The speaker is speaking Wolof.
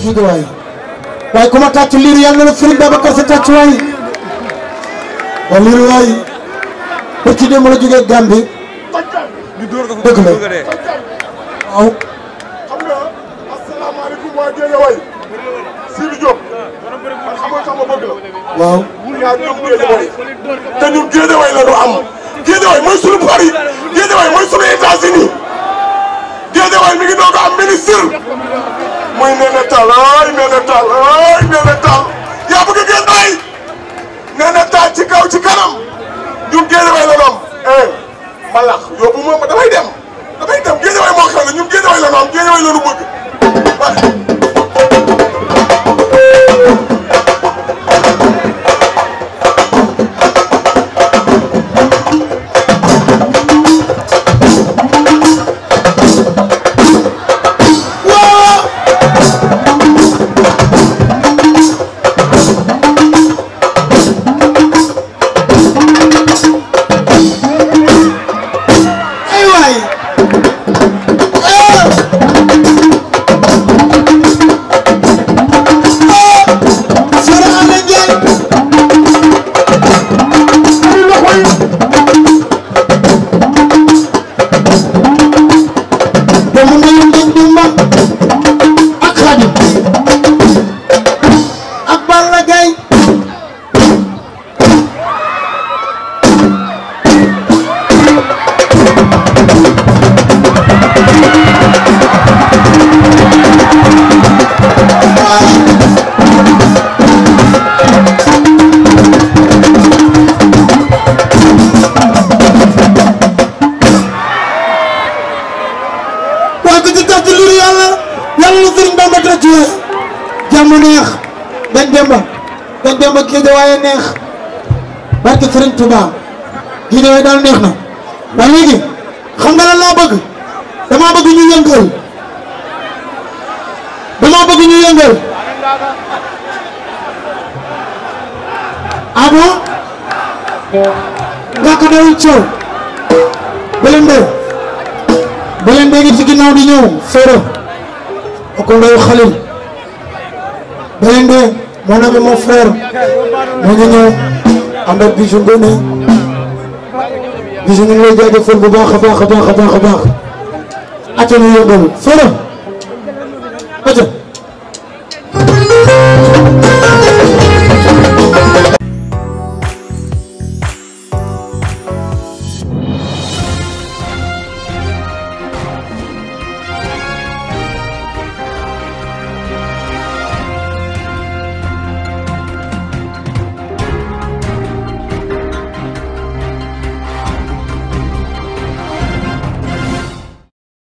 juuti waay waaye ku ma tàcc liiru yàlla na la Serigne Babacar Sy tàcc waay waaw liiru waay ba ci démb la jógee Gambie dëgg la waaw. xam nga asalaamaaleykum waa Guédiawaye Sidy Diop man xam nga sama bëgg la. waaw. yaa jóg Guédiawaye te ñun Guédiawaye la ñu am. Guédiawaye mooy sunu Paris Guédiawaye mooy sunu États-Unis Guédiawaye mi ngi doog a am ministre. ay Néné Tall ay Néné Tall ay Néné Tall yaa bëgg ngeen bàyyi Néné ci kaw ci kanam ñun génn way la doom eh malax yóbbu moom ma damay dee waaye neex barke Serigne Touba gii daway daal neex na waaye léegi xam nga lan laa bëgg dama bëgg ñu yëngal dama bëgg ñu yëngal ah bon ngàkk dawul coow Belende Belende ngi ci ginnaaw di ñëw Soro ako ndaw Xalil Belende mon ami mon frère moo ngi ñëw ànd ak Bijou gis nga lay jaajëfal bu baax a baax a baax a baax a baax. ati na yëngal fële ati.